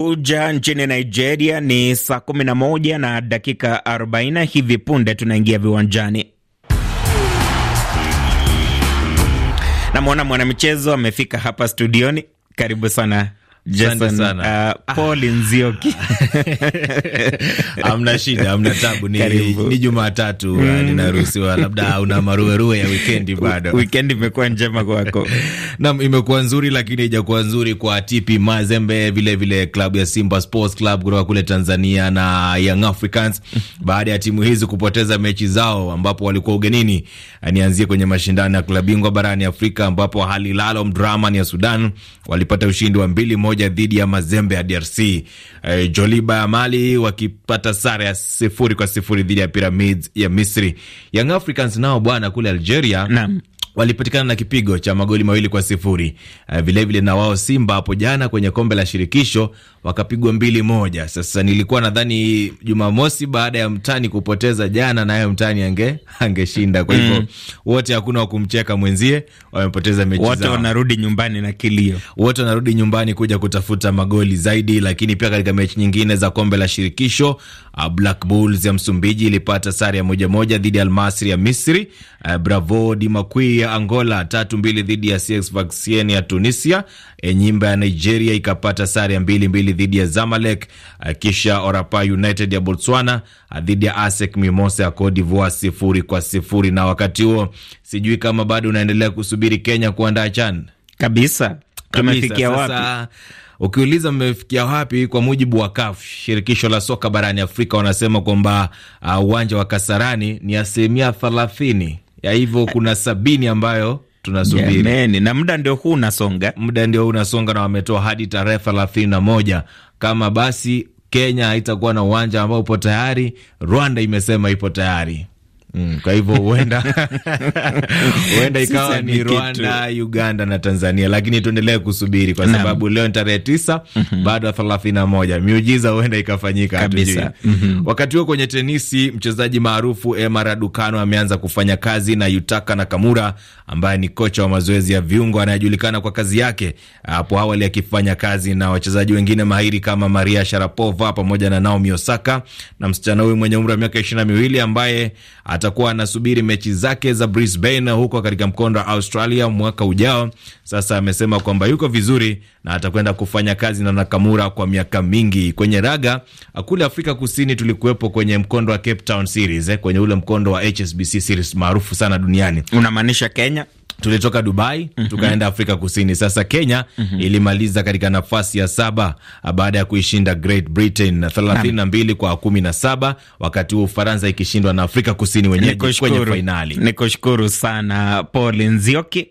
uja nchini Nigeria ni saa 11 na dakika 40. Hivi punde tunaingia viwanjani. Namwona mwanamichezo amefika hapa studioni. Karibu sana Jason, Uh, ah. Paul Nzioki amna shida, amna tabu. Ni, ni Jumatatu uh, mm. ninaruhusiwa. Labda una maruerue ya wikendi bado. Wikendi imekuwa njema kwako? Nam, imekuwa nzuri, lakini haijakuwa nzuri kwa TP Mazembe, vilevile klabu ya Simba Sports Club kutoka kule Tanzania na Young Africans, baada ya timu hizi kupoteza mechi zao ambapo walikuwa ugenini. Eh, nianzie kwenye mashindano ya klabu bingwa barani Afrika ambapo Al Hilal Omdurman ya Sudan walipata ushindi wa mbili moja moja dhidi ya Mazembe ya DRC. E, eh, Joliba ya Mali wakipata sare ya sifuri kwa sifuri dhidi ya Pyramids ya Misri. Young Africans nao bwana kule Algeria na walipatikana na kipigo cha magoli mawili kwa sifuri. Vilevile eh, uh, vile na wao Simba hapo jana kwenye kombe la shirikisho wakapigwa mbili moja. Sasa nilikuwa nadhani Jumamosi baada ya mtani kupoteza jana, naye mtani ange angeshinda. Kwa hivyo mm, wote hakuna wa kumcheka mwenzie, wamepoteza mechi zao. Wote wanarudi nyumbani na kilio, wote wanarudi nyumbani kuja kutafuta magoli zaidi. Lakini pia katika mechi nyingine za kombe la shirikisho, uh, Black Bulls ya Msumbiji ilipata sare ya moja moja dhidi ya Almasri ya Misri. Uh, Bravo Dimakwi ya Angola tatu mbili dhidi ya CX Vaxien ya Tunisia. Enyimba ya Nigeria ikapata sare ya mbili mbili dhidi ya Zamalek, eh, kisha Orapa United ya Botswana eh, dhidi ya ASEC Mimosa ya Cote d'Ivoire sifuri kwa sifuri. Na wakati huo sijui kama bado unaendelea kusubiri Kenya kuandaa CHAN kabisa, tumefikia wapi? Ukiuliza mmefikia wapi, kwa mujibu wa CAF, shirikisho la soka barani Afrika, wanasema kwamba eh, uwanja uh, wa Kasarani ni asilimia thelathini ya hivyo kuna sabini ambayo tunasubiri na muda ndio huu unasonga, muda ndio huu unasonga, na wametoa hadi tarehe thelathini na moja kama basi Kenya haitakuwa na uwanja ambao upo tayari. Rwanda imesema ipo tayari. Mm, kwa hivyo huenda huenda ikawa ni Rwanda, kitu. Uganda na Tanzania, lakini tuendelee kusubiri kwa sababu leo ni tarehe tisa mhm. bado thelathini na moja miujiza huenda ikafanyika kabisa. mm -hmm. Wakati huo kwenye tenisi, mchezaji maarufu Emma Raducanu ameanza kufanya kazi na Yutaka Nakamura ambaye ni kocha wa mazoezi ya viungo anayejulikana kwa kazi yake, hapo awali akifanya kazi na wachezaji wengine mahiri kama Maria Sharapova pamoja na Naomi Osaka na msichana huyu mwenye umri wa miaka ishirini na miwili ambaye ata atakuwa anasubiri mechi zake za Brisbane huko katika mkondo wa Australia mwaka ujao. Sasa amesema kwamba yuko vizuri na atakwenda kufanya kazi na Nakamura kwa miaka mingi. Kwenye raga kule Afrika Kusini tulikuwepo kwenye mkondo wa Cape Town Series eh, kwenye ule mkondo wa HSBC Series maarufu sana duniani. Unamaanisha Kenya? Tulitoka Dubai mm -hmm. tukaenda Afrika Kusini. Sasa Kenya mm -hmm. ilimaliza katika nafasi ya saba ah, baada ya kuishinda Great Britain mbili kwa saba wakati huo Ufaransa ikishindwa na Afrika Kusini wenyewe kwenye fainali. Nikushukuru sana Paul Nzioki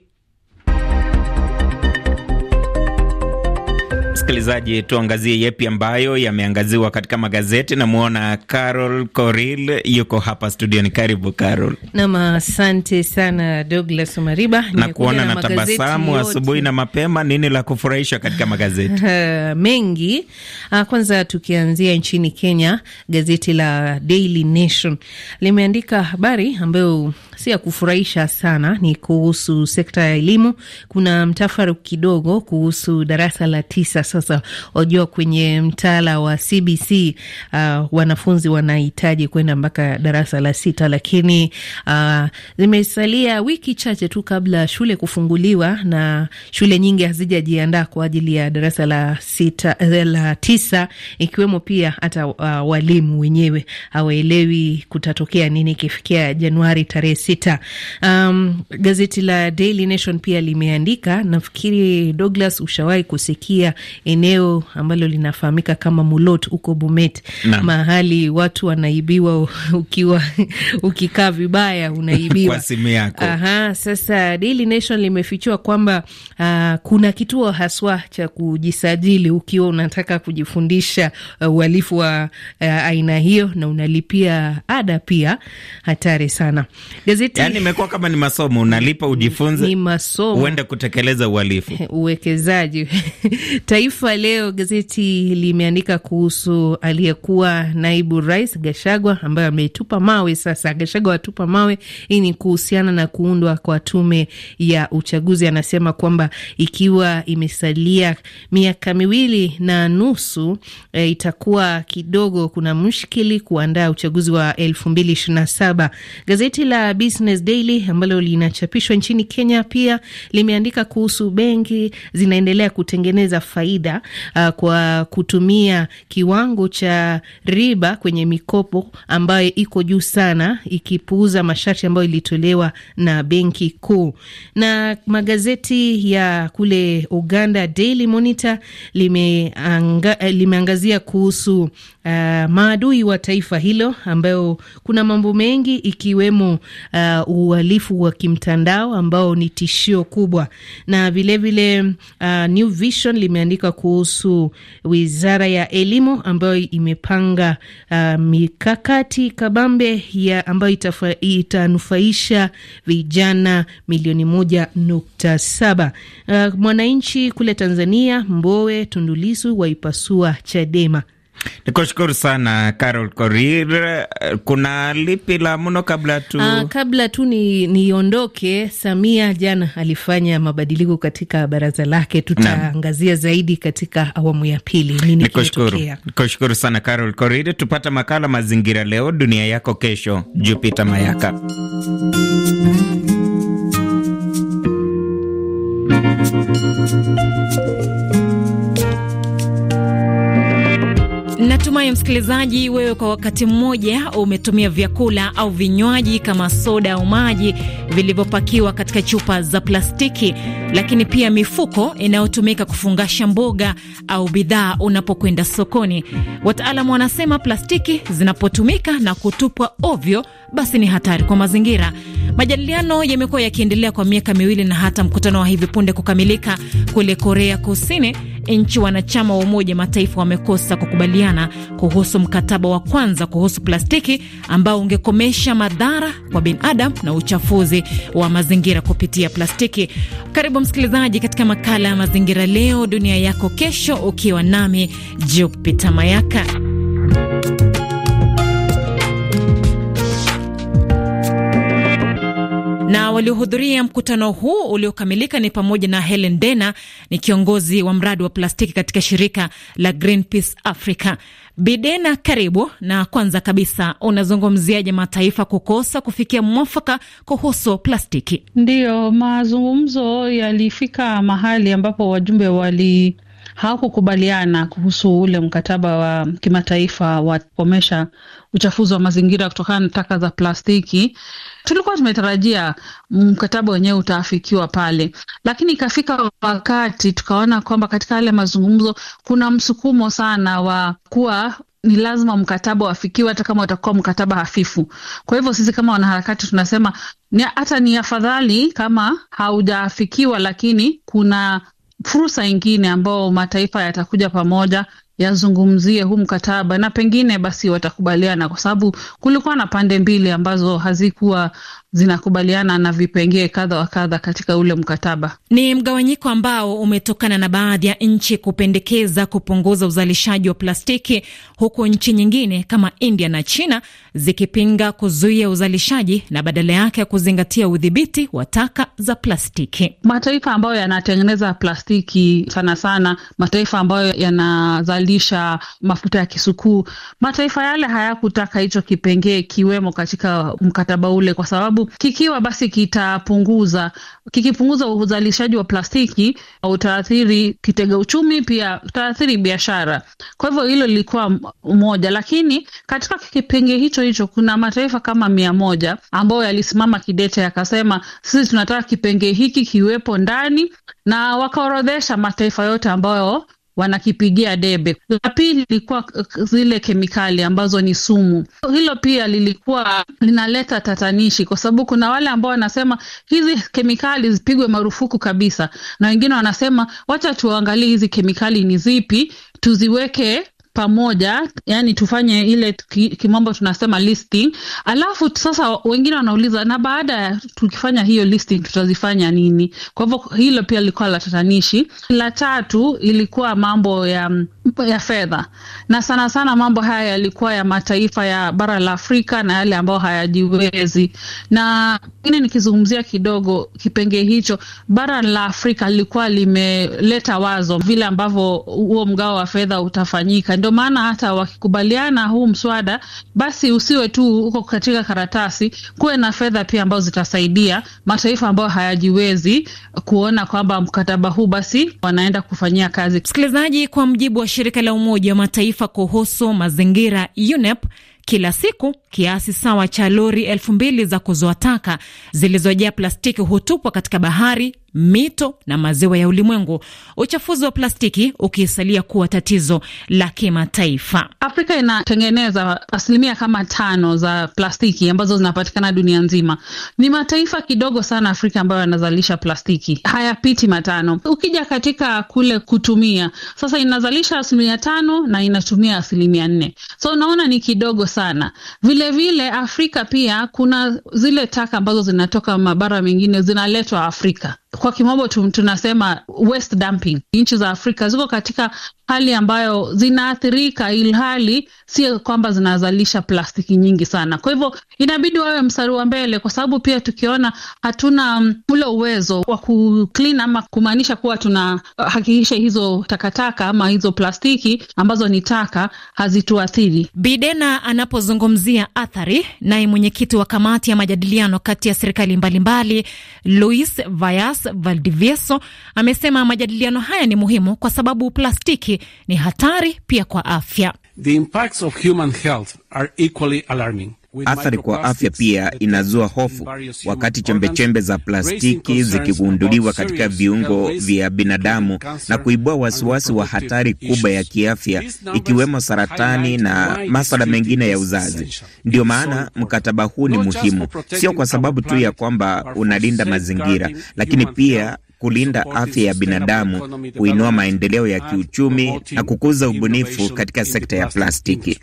Msikilizaji, tuangazie yepi ambayo yameangaziwa katika magazeti. Namwona Carol Coril yuko hapa studioni. Karibu Carol. Nam, asante sana Douglas mariba na kuona na tabasamu asubuhi na mapema. Nini la kufurahisha katika magazeti? Mengi. Ah, kwanza tukianzia nchini Kenya, gazeti la Daily Nation limeandika habari ambayo si ya kufurahisha sana, ni kuhusu sekta ya elimu. Kuna mtafaru kidogo kuhusu darasa la tisa. Sasa wajua, kwenye mtaala wa CBC uh, wanafunzi wanahitaji kwenda mpaka darasa la sita, lakini uh, zimesalia wiki chache tu kabla shule kufunguliwa na shule nyingi hazijajiandaa kwa ajili ya darasa la sita, eh, la tisa, ikiwemo pia hata uh, walimu wenyewe hawaelewi kutatokea nini ikifikia Januari tarehe sita. Um, gazeti la Daily Nation pia limeandika, nafikiri Douglas, ushawahi kusikia eneo ambalo linafahamika kama Mulot huko Bomet, mahali watu wanaibiwa ukiwa ukikaa vibaya unaibiwa simu yako. Aha, sasa Daily Nation limefichua kwamba uh, kuna kituo haswa cha kujisajili ukiwa unataka kujifundisha uh, uhalifu wa uh, aina hiyo na unalipia ada pia. Hatari sana. Gazeti yani imekuwa kama ni masomo, unalipa ujifunze, ni masomo uende kutekeleza uhalifu, uwekezaji. Taifa Leo gazeti limeandika kuhusu aliyekuwa naibu rais Gashagwa ambaye ametupa mawe. Sasa Gashagwa atupa mawe, hii ni kuhusiana na kuundwa kwa tume ya uchaguzi. Anasema kwamba ikiwa imesalia miaka miwili na nusu e, itakuwa kidogo kuna mshkili kuandaa uchaguzi wa elfu mbili ishirini na saba. Gazeti la Business Daily ambalo linachapishwa nchini Kenya pia limeandika kuhusu benki zinaendelea kutengeneza faida uh, kwa kutumia kiwango cha riba kwenye mikopo ambayo iko juu sana, ikipuuza masharti ambayo ilitolewa na benki kuu. Na magazeti ya kule Uganda, Daily Monitor limeanga, limeangazia kuhusu uh, maadui wa taifa hilo ambayo kuna mambo mengi ikiwemo uh, uhalifu wa kimtandao ambao ni tishio kubwa, na vilevile uh, eh, New Vision limeandika kuhusu wizara ya elimu ambayo imepanga uh, mikakati kabambe ya ambayo itafa, itanufaisha vijana milioni moja nukta saba. Uh, Mwananchi kule Tanzania, Mbowe Tundulisu waipasua Chadema ni kushukuru sana Carol Korir. Kuna lipi la mno kabla tu aa, ah, kabla tu niondoke Samia jana alifanya mabadiliko katika baraza lake, tutaangazia zaidi katika awamu ya pili nini kinatokea. Nikushukuru sana Carol Korir. Tupata makala mazingira leo, dunia yako kesho, Jupita Mayaka. Natumai msikilizaji, wewe kwa wakati mmoja umetumia vyakula au vinywaji kama soda au maji vilivyopakiwa katika chupa za plastiki, lakini pia mifuko inayotumika kufungasha mboga au bidhaa unapokwenda sokoni. Wataalamu wanasema plastiki zinapotumika na kutupwa ovyo, basi ni hatari kwa mazingira. Majadiliano yamekuwa yakiendelea kwa miaka miwili na hata mkutano wa hivi punde kukamilika kule Korea Kusini nchi wanachama wa Umoja Mataifa wamekosa kukubaliana kuhusu mkataba wa kwanza kuhusu plastiki ambao ungekomesha madhara kwa binadamu na uchafuzi wa mazingira kupitia plastiki. Karibu msikilizaji katika makala ya mazingira leo dunia yako kesho, ukiwa nami Jupita Mayaka. Na waliohudhuria mkutano huu uliokamilika ni pamoja na Helen Dena, ni kiongozi wa mradi wa plastiki katika shirika la Greenpeace Africa. Bidena, karibu. Na kwanza kabisa, unazungumziaje mataifa kukosa kufikia mwafaka kuhusu plastiki? Ndiyo, mazungumzo yalifika mahali ambapo wajumbe wali hawakukubaliana kuhusu ule mkataba wa kimataifa wa kukomesha uchafuzi wa mazingira kutokana na taka za plastiki. Tulikuwa tumetarajia mkataba wenyewe utaafikiwa pale, lakini ikafika wakati tukaona kwamba katika yale mazungumzo kuna msukumo sana wa kuwa ni lazima mkataba wafikiwe hata kama utakuwa mkataba hafifu. Kwa hivyo sisi kama wanaharakati tunasema hata ni afadhali kama haujafikiwa, lakini kuna fursa ingine ambao mataifa yatakuja pamoja yazungumzie huu mkataba na pengine basi watakubaliana, kwa sababu kulikuwa na pande mbili ambazo hazikuwa zinakubaliana na vipengee kadha wa kadha katika ule mkataba. Ni mgawanyiko ambao umetokana na baadhi ya nchi kupendekeza kupunguza uzalishaji wa plastiki, huku nchi nyingine kama India na China zikipinga kuzuia uzalishaji na badala yake ya kuzingatia udhibiti wa taka za plastiki. Mataifa ambayo yanatengeneza plastiki sana sana, mataifa ambayo yanazalisha kuzalisha mafuta ya kisukuu. Mataifa yale hayakutaka hicho kipengee kiwemo katika mkataba ule, kwa sababu kikiwa basi kitapunguza, kikipunguza uzalishaji wa plastiki utaathiri kitega uchumi, pia utaathiri biashara. Kwa hivyo hilo lilikuwa moja, lakini katika kipengee hicho hicho kuna mataifa kama mia moja ambayo yalisimama kidete, yakasema sisi tunataka kipengee hiki kiwepo ndani na wakaorodhesha mataifa yote ambayo wanakipigia debe. La pili ilikuwa zile kemikali ambazo ni sumu. Hilo pia lilikuwa linaleta tatanishi, kwa sababu kuna wale ambao wanasema hizi kemikali zipigwe marufuku kabisa, na wengine wanasema wacha tuangalie hizi kemikali ni zipi tuziweke pamoja, yani tufanye ile kimombo tunasema listing. Alafu sasa wengine wanauliza na baada ya tukifanya hiyo listing tutazifanya nini? Kwa hivyo hilo pia lilikuwa la tatanishi. La tatu ilikuwa mambo ya, ya fedha, na sana sana mambo haya yalikuwa ya mataifa ya bara la Afrika na yale ambayo hayajiwezi. Na ngine nikizungumzia kidogo kipenge hicho, bara la Afrika lilikuwa limeleta wazo vile ambavyo huo mgao wa fedha utafanyika ndio maana hata wakikubaliana huu mswada, basi usiwe tu huko katika karatasi, kuwe na fedha pia ambazo zitasaidia mataifa ambayo hayajiwezi kuona kwamba mkataba huu basi wanaenda kufanyia kazi. Msikilizaji, kwa mjibu wa shirika la Umoja wa Mataifa kuhusu mazingira UNEP, kila siku kiasi sawa cha lori elfu mbili za kuzoa taka zilizojaa plastiki hutupwa katika bahari mito na maziwa ya ulimwengu, uchafuzi wa plastiki ukisalia kuwa tatizo la kimataifa. Afrika inatengeneza asilimia kama tano za plastiki ambazo zinapatikana dunia nzima. Ni mataifa kidogo sana Afrika ambayo yanazalisha plastiki, hayapiti matano. Ukija katika kule kutumia, sasa inazalisha asilimia tano na inatumia asilimia nne, so unaona ni kidogo sana. Vilevile vile Afrika pia kuna zile taka ambazo zinatoka mabara mengine zinaletwa Afrika kwa kimombo tunasema west dumping. Nchi za Afrika ziko katika hali ambayo zinaathirika, ilhali sio kwamba zinazalisha plastiki nyingi sana. Kwa hivyo inabidi wawe mstari wa mbele, kwa sababu pia tukiona hatuna mm, ule uwezo wa kuclean ama kumaanisha kuwa tunahakikisha uh, hizo takataka ama hizo plastiki ambazo ni taka hazituathiri. Bidena anapozungumzia athari, naye mwenyekiti wa kamati ya majadiliano kati ya serikali mbalimbali Louis Vayas Valdivieso amesema majadiliano haya ni muhimu kwa sababu plastiki ni hatari pia kwa afya. The impacts of human health are equally alarming. Athari kwa afya pia inazua hofu wakati chembechembe za plastiki zikigunduliwa katika viungo vya binadamu na kuibua wasiwasi wa hatari kubwa ya kiafya ikiwemo saratani na masuala mengine ya uzazi. ndio maana mkataba huu ni muhimu, sio kwa sababu tu ya kwamba unalinda mazingira, lakini pia kulinda afya ya binadamu, kuinua maendeleo ya kiuchumi na kukuza ubunifu katika sekta ya plastiki.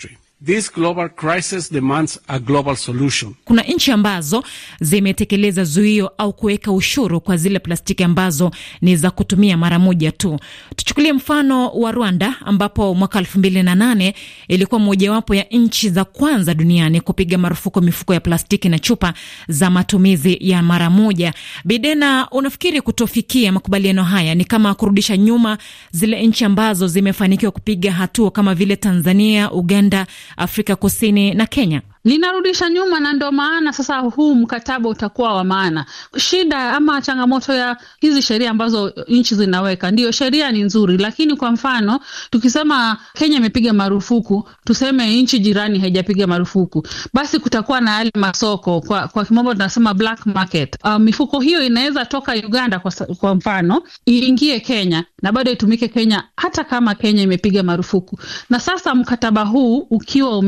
This global crisis demands a global solution. Kuna nchi ambazo zimetekeleza zuio au kuweka ushuru kwa zile plastiki ambazo ni za kutumia mara moja tu. Tuchukulie mfano wa Rwanda ambapo mwaka 2008 ilikuwa mojawapo ya nchi za kwanza duniani kupiga marufuku mifuko ya plastiki na chupa za matumizi ya mara moja. Bidena, unafikiri kutofikia makubaliano haya ni kama kurudisha nyuma zile nchi ambazo zimefanikiwa kupiga hatua kama vile Tanzania, Uganda Afrika Kusini na Kenya? linarudisha nyuma, na ndio maana sasa huu mkataba utakuwa wa maana. Shida ama changamoto ya hizi sheria ambazo nchi zinaweka, ndio sheria ni nzuri, lakini kwa mfano tukisema Kenya imepiga marufuku, tuseme nchi jirani haijapiga marufuku, basi kutakuwa na yale masoko kwa, kwa kimombo tunasema black market. Uh, mifuko hiyo inaweza toka Uganda kwa, kwa mfano iingie Kenya na bado itumike Kenya hata kama Kenya imepiga marufuku. Na sasa mkataba huu ukiwa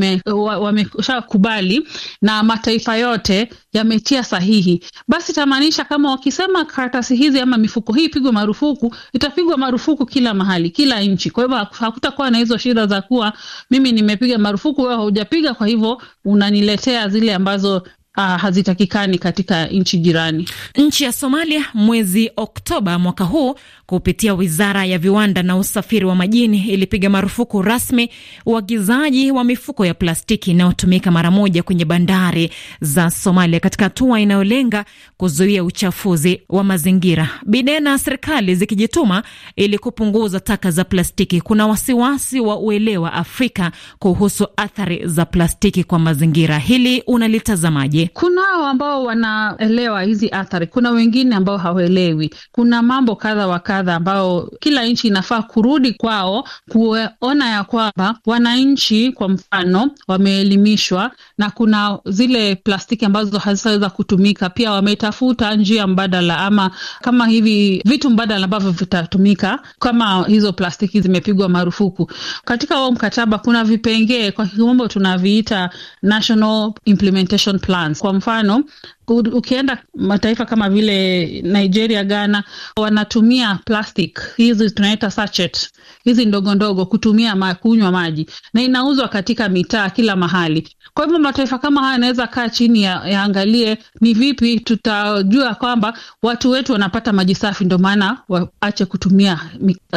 wameshakubali kukubali na mataifa yote yametia sahihi, basi tamaanisha kama wakisema karatasi hizi ama mifuko hii pigwe marufuku, itapigwa marufuku kila mahali, kila nchi. Kwa hivyo hakutakuwa na hizo shida za kuwa mimi nimepiga marufuku, wewe haujapiga, kwa hivyo unaniletea zile ambazo Uh, hazitakikani katika nchi jirani. Nchi ya Somalia mwezi Oktoba mwaka huu kupitia wizara ya viwanda na usafiri wa majini ilipiga marufuku rasmi uagizaji wa mifuko ya plastiki inayotumika mara moja kwenye bandari za Somalia, katika hatua inayolenga kuzuia uchafuzi wa mazingira. Bidena na serikali zikijituma ili kupunguza taka za plastiki. Kuna wasiwasi wa uelewa Afrika kuhusu athari za plastiki kwa mazingira, hili unalitazamaje? Kunao ambao wanaelewa hizi athari, kuna wengine ambao hawaelewi. Kuna mambo kadha wa kadha kadha ambao kila nchi inafaa kurudi kwao kuona ya kwamba wananchi kwa mfano wameelimishwa, na kuna zile plastiki ambazo hazitaweza kutumika. Pia wametafuta njia mbadala ama kama hivi vitu mbadala ambavyo vitatumika kama hizo plastiki zimepigwa marufuku. Katika huo mkataba kuna vipengee, kwa kimombo tunaviita national implementation plans. Kwa mfano Ukienda mataifa kama vile Nigeria, Ghana, wanatumia plastic hizi tunaita sachet hizi ndogo ndogo kutumia ma, kunywa maji na inauzwa katika mitaa kila mahali. Kwa hivyo mataifa kama haya yanaweza kaa chini yaangalie ya ni vipi tutajua kwamba watu wetu wanapata maji safi, ndio maana waache kutumia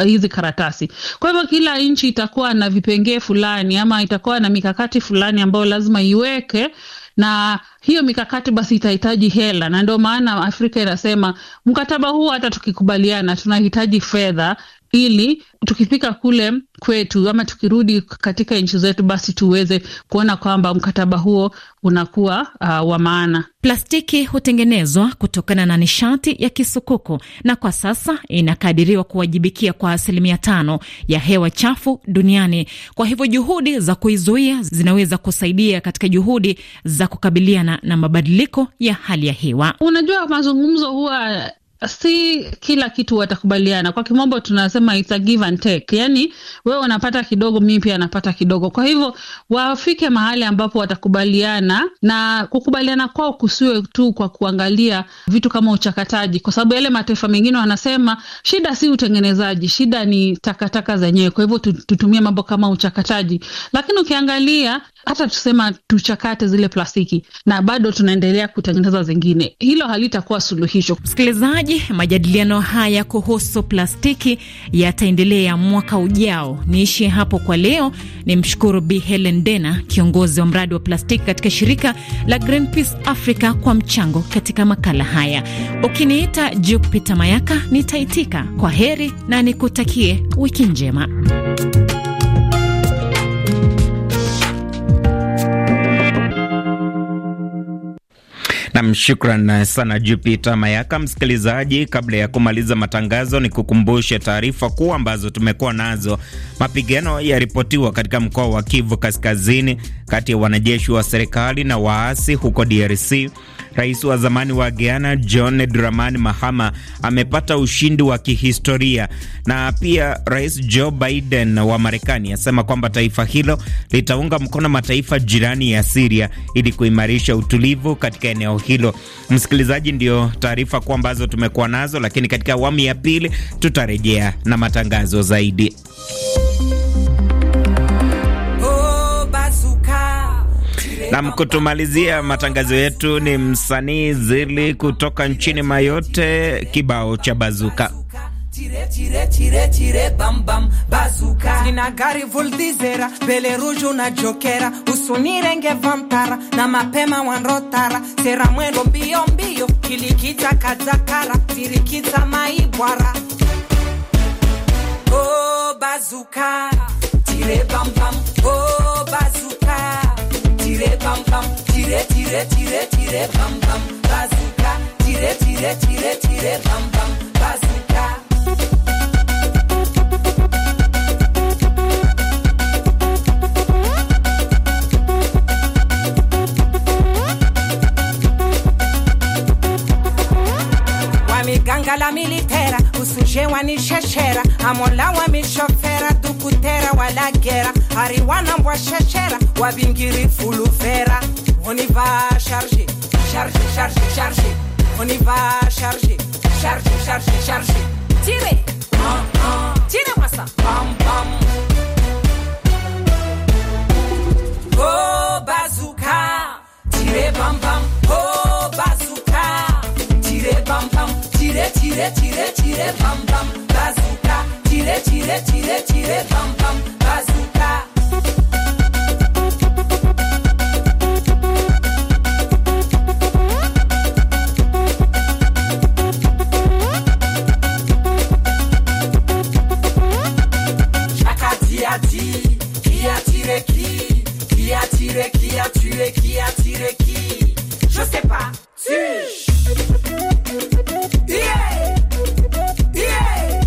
hizi karatasi. Kwa hivyo kila nchi itakuwa na vipengee fulani ama itakuwa na mikakati fulani ambayo lazima iweke na hiyo mikakati basi itahitaji hela, na ndio maana Afrika inasema mkataba huu hata tukikubaliana tunahitaji fedha ili tukifika kule kwetu ama tukirudi katika nchi zetu, basi tuweze kuona kwamba mkataba huo unakuwa uh, wa maana. Plastiki hutengenezwa kutokana na nishati ya kisukuku na kwa sasa inakadiriwa kuwajibikia kwa asilimia tano ya hewa chafu duniani. Kwa hivyo juhudi za kuizuia zinaweza kusaidia katika juhudi za kukabiliana na mabadiliko ya hali ya hewa. Unajua, mazungumzo huwa si kila kitu watakubaliana. Kwa kimombo tunasema it's a give and take, yani wewe unapata kidogo, mimi pia napata kidogo. Kwa hivyo wafike mahali ambapo watakubaliana, na kukubaliana kwao kusiwe tu kwa kuangalia vitu kama uchakataji, kwa sababu yale mataifa mengine wanasema shida si utengenezaji, shida ni takataka zenyewe. Kwa hivyo tutumie mambo kama uchakataji, lakini ukiangalia hata tusema tuchakate zile plastiki na bado tunaendelea kutengeneza zingine, hilo halitakuwa suluhisho. Msikilizaji msikilizaji, majadiliano haya kuhusu plastiki yataendelea mwaka ujao. Niishie hapo kwa leo. Ni mshukuru Bi Helen Dena, kiongozi wa mradi wa plastiki katika shirika la Greenpeace Africa kwa mchango katika makala haya. Ukiniita Jupiter Mayaka nitaitika. Kwa heri na nikutakie wiki njema. shukran eh, sana Jupiter Mayaka. Msikilizaji, kabla ya kumaliza matangazo, ni kukumbushe taarifa kuu ambazo tumekuwa nazo. Mapigano yaripotiwa katika mkoa wa Kivu Kaskazini kati ya wanajeshi wa serikali na waasi huko DRC Rais wa zamani wa Guyana John Dramani Mahama amepata ushindi wa kihistoria, na pia Rais Joe Biden wa Marekani asema kwamba taifa hilo litaunga mkono mataifa jirani ya Siria ili kuimarisha utulivu katika eneo hilo. Msikilizaji, ndio taarifa kuu ambazo tumekuwa nazo, lakini katika awamu ya pili tutarejea na matangazo zaidi. Na mkutumalizia matangazo yetu ni msanii Zili kutoka nchini Mayote, kibao cha bazuka Tire, tire, tire, tire, bam, bam, bazuka nina gari vuldizera pele ruju na jokera usunirenge vamtara na mapema wanrotara sera mwendo mbio mbio kilikita katakara tirikita maibwara oh, bazuka tire, bam, bam. tire tire tire pam pam bazuka tire tire tire tire pam pam chargé, chargé. Tirez, ah, tirez-moi ça. Bam, bam. Oh, bazooka, tirez, bam, bam. Oh, bazooka, tirez, bam, bam. Tirez, tirez, tirez, tirez, bam, bam. Bazooka, tirez, tirez, tirez, tirez, bam, bam. qui Qui a tiré Qui a tué Qui a tiré qui Je sais pas. Tue yeah. Yeah. Yeah.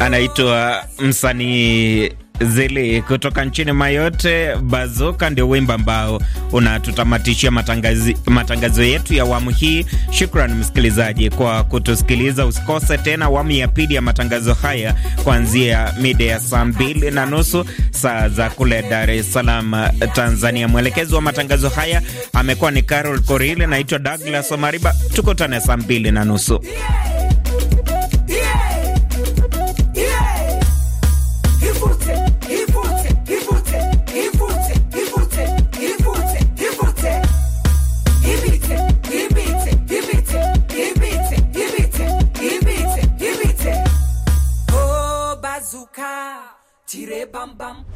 Anaitwa msanii Zili kutoka nchini Mayote. Bazoka ndio wimbo ambao unatutamatishia matangazo, matangazo yetu ya awamu hii. Shukran msikilizaji kwa kutusikiliza. Usikose tena awamu ya pili ya matangazo haya kuanzia mida ya saa mbili na nusu saa za kule Dar es Salaam, Tanzania. Mwelekezi wa matangazo haya amekuwa ni Carol Korile, naitwa Douglas Omariba. Tukutane saa mbili na nusu. bam bam.